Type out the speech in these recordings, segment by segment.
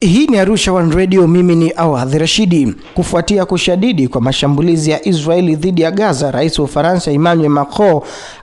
Hii ni Arusha One Radio, mimi ni Awadhi Rashidi. Kufuatia kushadidi kwa mashambulizi ya Israeli dhidi ya Gaza, Rais wa Ufaransa Emmanuel Macron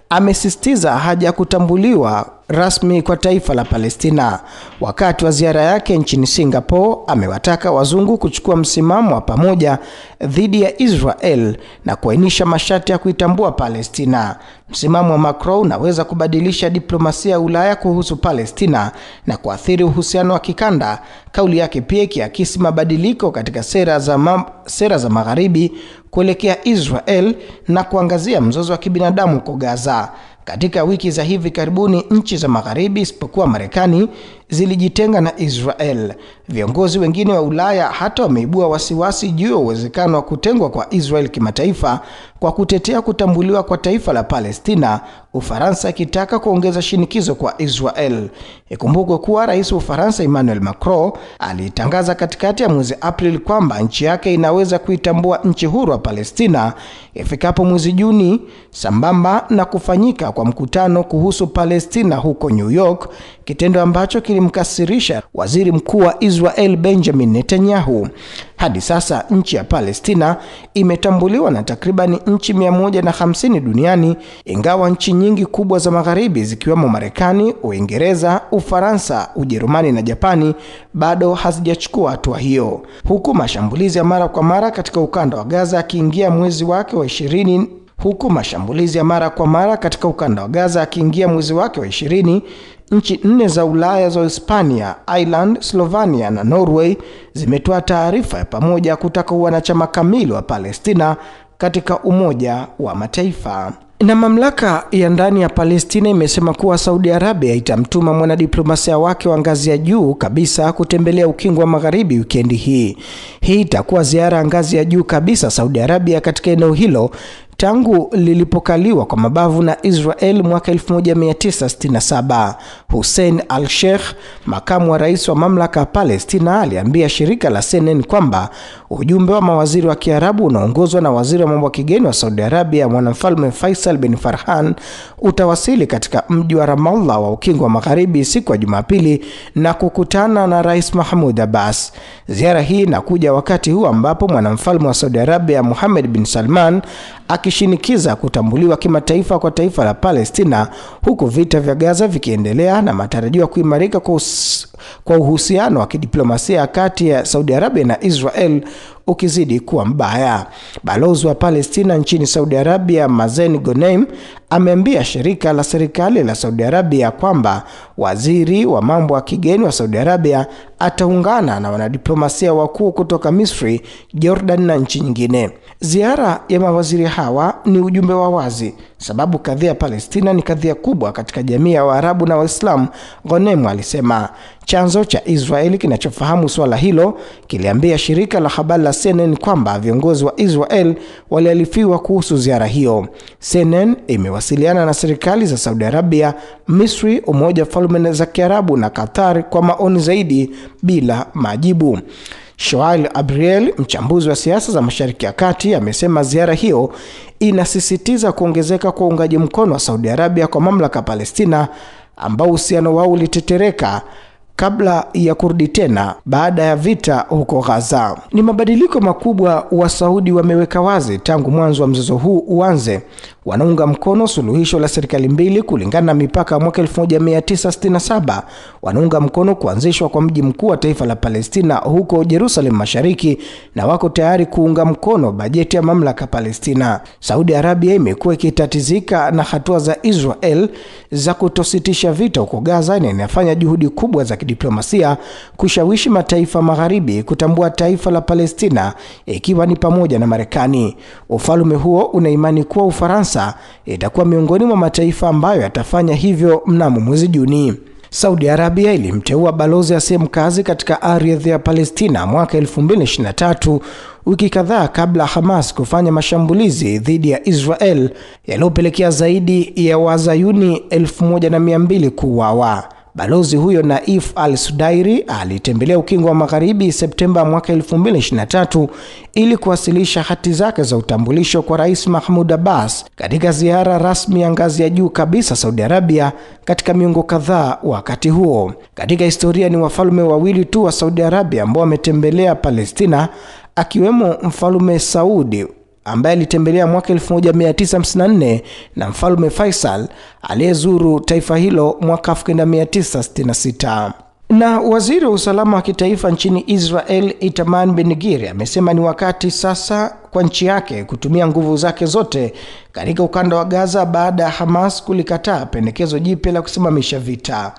amesisitiza haja ya kutambuliwa rasmi kwa taifa la Palestina. Wakati wa ziara yake nchini Singapore, amewataka wazungu kuchukua msimamo wa pamoja dhidi ya Israel na kuainisha masharti ya kuitambua Palestina. Msimamo wa Macron unaweza kubadilisha diplomasia ya Ulaya kuhusu Palestina na kuathiri uhusiano wa kikanda. Kauli yake pia ikiakisi mabadiliko katika sera za, ma sera za magharibi kuelekea Israel na kuangazia mzozo wa kibinadamu kwa Gaza. Katika wiki za hivi karibuni, nchi za Magharibi isipokuwa Marekani zilijitenga na Israel. Viongozi wengine wa Ulaya hata wameibua wasiwasi juu ya uwezekano wa kutengwa kwa Israel kimataifa kwa kutetea kutambuliwa kwa taifa la Palestina, Ufaransa ikitaka kuongeza shinikizo kwa Israel. Ikumbukwe kuwa rais wa Ufaransa Emmanuel Macron alitangaza katikati ya mwezi Aprili kwamba nchi yake inaweza kuitambua nchi huru wa Palestina ifikapo mwezi Juni, sambamba na kufanyika kwa mkutano kuhusu Palestina huko New York kitendo ambacho kilimkasirisha waziri mkuu wa Israel Benjamin Netanyahu. Hadi sasa nchi ya Palestina imetambuliwa na takribani nchi 150 duniani, ingawa nchi nyingi kubwa za magharibi zikiwemo Marekani, Uingereza, Ufaransa, Ujerumani na Japani bado hazijachukua hatua hiyo, huku mashambulizi ya mara kwa mara katika ukanda wa Gaza yakiingia mwezi wake wa ishirini huku mashambulizi ya mara kwa mara katika ukanda wa Gaza akiingia mwezi wake wa ishirini. Nchi nne za Ulaya za Hispania, Ireland, Slovenia na Norway zimetoa taarifa ya pamoja kutaka uanachama kamili wa Palestina katika Umoja wa Mataifa. Na mamlaka ya ndani ya Palestina imesema kuwa Saudi Arabia itamtuma mwanadiplomasia wake wa ngazi ya juu kabisa kutembelea ukingo wa Magharibi wikendi hii. Hii itakuwa ziara ya ngazi ya juu kabisa Saudi Arabia katika eneo hilo tangu lilipokaliwa kwa mabavu na Israel mwaka 1967. Hussein al-Sheikh, makamu wa rais wa mamlaka ya Palestina, aliambia shirika la CNN kwamba ujumbe wa mawaziri wa Kiarabu unaongozwa na waziri wa mambo ya kigeni wa Saudi Arabia, mwanamfalme Faisal bin Farhan, utawasili katika mji wa Ramallah wa ukingo wa Magharibi siku ya Jumapili na kukutana na Rais Mahmud Abbas. Ziara hii inakuja wakati huu ambapo mwanamfalme wa Saudi Arabia Mohammed bin Salman aki kushinikiza kutambuliwa kimataifa kwa taifa la Palestina huku vita vya Gaza vikiendelea na matarajio ya kuimarika kwa uhusiano wa kidiplomasia kati ya Saudi Arabia na Israel ukizidi kuwa mbaya. Balozi wa Palestina nchini Saudi Arabia Mazen Goneim ameambia shirika la serikali la Saudi Arabia kwamba waziri wa mambo ya kigeni wa Saudi Arabia ataungana na wanadiplomasia wakuu kutoka Misri, Jordan na nchi nyingine. Ziara ya mawaziri hawa ni ujumbe wa wazi, sababu kadhia ya Palestina ni kadhia kubwa katika jamii ya Waarabu na Waislamu, Ghanem alisema. Chanzo cha Israeli kinachofahamu swala hilo kiliambia shirika la habari la CNN kwamba viongozi wa Israel walialifiwa kuhusu ziara hiyo. CNN imewasiliana na serikali za Saudi Arabia, Misri, Umoja wa Falme za Kiarabu na Qatar kwa maoni zaidi bila majibu. Shoal Abriel, mchambuzi wa siasa za Mashariki ya Kati, amesema ziara hiyo inasisitiza kuongezeka kwa uungaji mkono wa Saudi Arabia kwa mamlaka ya Palestina ambao uhusiano wao ulitetereka kabla ya kurudi tena baada ya vita huko Gaza. Ni mabadiliko makubwa wa saudi wameweka wazi tangu mwanzo wa mzozo huu uanze. Wanaunga mkono suluhisho la serikali mbili kulingana na mipaka ya mwaka 1967. Wanaunga mkono kuanzishwa kwa mji mkuu wa taifa la Palestina huko Jerusalem Mashariki na wako tayari kuunga mkono bajeti ya mamlaka Palestina. Saudi Arabia imekuwa ikitatizika na hatua za Israel za kutositisha vita huko Gaza na inafanya juhudi kubwa za kidiplomasia kushawishi mataifa magharibi kutambua taifa la Palestina ikiwa ni pamoja na Marekani. Ufalume huo una imani kuwa Ufaransa itakuwa miongoni mwa mataifa ambayo yatafanya hivyo mnamo mwezi Juni. Saudi Arabia ilimteua balozi asiye mkazi katika ardhi ya Palestina mwaka 2023 wiki kadhaa kabla Hamas kufanya mashambulizi dhidi ya Israel yaliyopelekea zaidi ya Wazayuni 1200 kuuawa. Balozi huyo Naif Al-Sudairi alitembelea Ukingo wa Magharibi Septemba mwaka 2023 ili kuwasilisha hati zake za utambulisho kwa Rais Mahmoud Abbas katika ziara rasmi ya ngazi ya juu kabisa Saudi Arabia katika miongo kadhaa. Wakati huo, katika historia ni wafalme wawili tu wa Saudi Arabia ambao wametembelea Palestina, akiwemo Mfalme Saudi ambaye alitembelea mwaka 1954 na mfalme Faisal aliyezuru taifa hilo mwaka 1966. Na waziri wa usalama wa kitaifa nchini Israel Itamar Ben-Gvir amesema ni wakati sasa kwa nchi yake kutumia nguvu zake zote katika ukanda wa Gaza baada ya Hamas kulikataa pendekezo jipya la kusimamisha vita.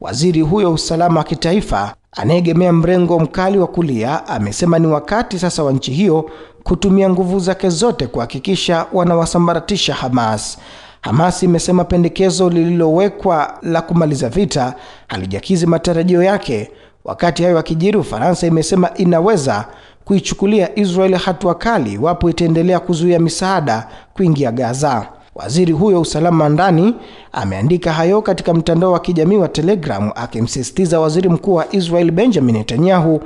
Waziri huyo usalama wa kitaifa anayeegemea mrengo mkali wa kulia amesema ni wakati sasa wa nchi hiyo kutumia nguvu zake zote kuhakikisha wanawasambaratisha Hamas. Hamas imesema pendekezo lililowekwa la kumaliza vita halijakizi matarajio yake. Wakati hayo akijiri, Ufaransa imesema inaweza kuichukulia Israel hatua kali iwapo itaendelea kuzuia misaada kuingia Gaza. Waziri huyo usalama ndani ameandika hayo katika mtandao wa kijamii wa Telegram akimsisitiza waziri mkuu wa Israel Benjamin Netanyahu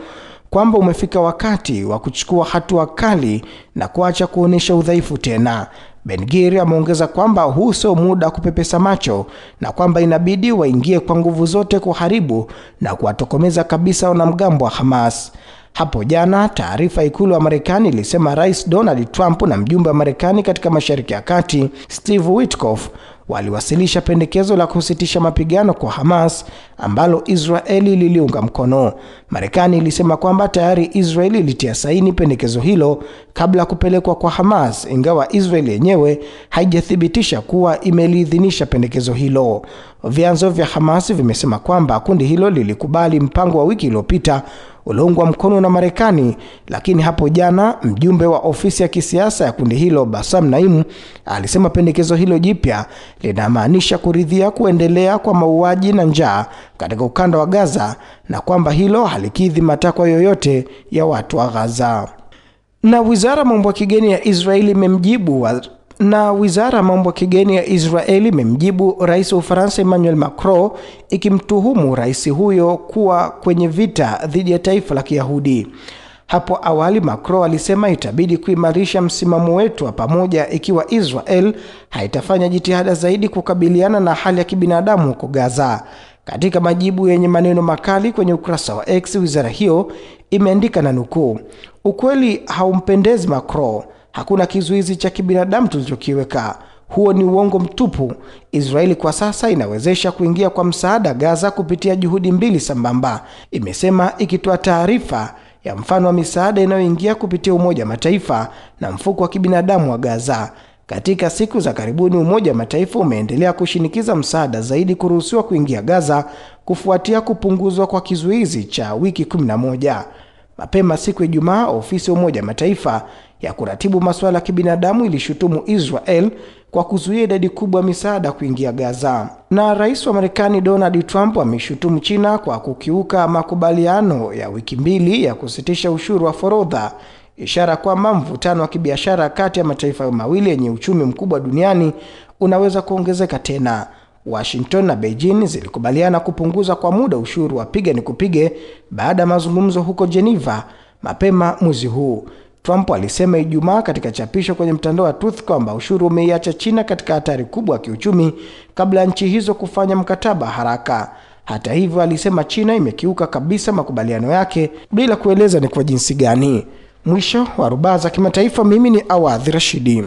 kwamba umefika wakati wa kuchukua hatua kali na kuacha kuonyesha udhaifu tena. Ben ameongeza kwamba huu sio muda wa kupepesa macho na kwamba inabidi waingie kwa nguvu zote kuharibu na kuwatokomeza kabisa wanamgambo wa Hamas. Hapo jana taarifa ikulu ya Marekani ilisema Rais Donald Trump na mjumbe wa Marekani katika Mashariki ya Kati Steve Witkoff waliwasilisha pendekezo la kusitisha mapigano kwa Hamas ambalo Israeli liliunga mkono. Marekani ilisema kwamba tayari Israeli ilitia saini pendekezo hilo kabla ya kupelekwa kwa Hamas, ingawa Israeli yenyewe haijathibitisha kuwa imeliidhinisha pendekezo hilo. Vyanzo vya Hamas vimesema kwamba kundi hilo lilikubali mpango wa wiki iliyopita ulioungwa mkono na Marekani, lakini hapo jana mjumbe wa ofisi ya kisiasa ya kundi hilo Basam Naim alisema pendekezo hilo jipya linamaanisha kuridhia kuendelea kwa mauaji na njaa katika ukanda wa Gaza na kwamba hilo halikidhi matakwa yoyote ya watu wa Gaza. Na wizara mambo ya kigeni ya Israeli imemjibu wa na wizara mambo ya kigeni ya Israeli imemjibu rais wa Ufaransa Emmanuel Macron ikimtuhumu rais huyo kuwa kwenye vita dhidi ya taifa la Kiyahudi. Hapo awali Macron alisema itabidi kuimarisha msimamo wetu wa pamoja ikiwa Israel haitafanya jitihada zaidi kukabiliana na hali ya kibinadamu huko Gaza. Katika majibu yenye maneno makali kwenye ukurasa wa X, wizara hiyo imeandika na nukuu, ukweli haumpendezi Macron, hakuna kizuizi cha kibinadamu tulichokiweka. Huo ni uongo mtupu. Israeli kwa sasa inawezesha kuingia kwa msaada Gaza kupitia juhudi mbili sambamba, imesema ikitoa taarifa ya mfano wa misaada inayoingia kupitia Umoja wa Mataifa na mfuko wa kibinadamu wa Gaza. Katika siku za karibuni, Umoja wa Mataifa umeendelea kushinikiza msaada zaidi kuruhusiwa kuingia Gaza kufuatia kupunguzwa kwa kizuizi cha wiki 11. Mapema siku ya Ijumaa, ofisi ya Umoja wa Mataifa ya kuratibu masuala ya kibinadamu ilishutumu Israel kwa kuzuia idadi kubwa misaada kuingia Gaza. Na rais wa Marekani Donald Trump ameshutumu China kwa kukiuka makubaliano ya wiki mbili ya kusitisha ushuru wa forodha ishara kwamba mvutano wa kibiashara kati ya mataifa mawili yenye uchumi mkubwa duniani unaweza kuongezeka tena. Washington na Beijing zilikubaliana kupunguza kwa muda ushuru wa piga ni kupige baada ya mazungumzo huko Geneva mapema mwezi huu. Trump alisema Ijumaa katika chapisho kwenye mtandao wa Truth kwamba ushuru umeiacha China katika hatari kubwa ya kiuchumi kabla ya nchi hizo kufanya mkataba haraka. Hata hivyo, alisema China imekiuka kabisa makubaliano yake bila kueleza ni kwa jinsi gani. Mwisho wa rubaa za kimataifa. Mimi ni Awadhi Rashidi.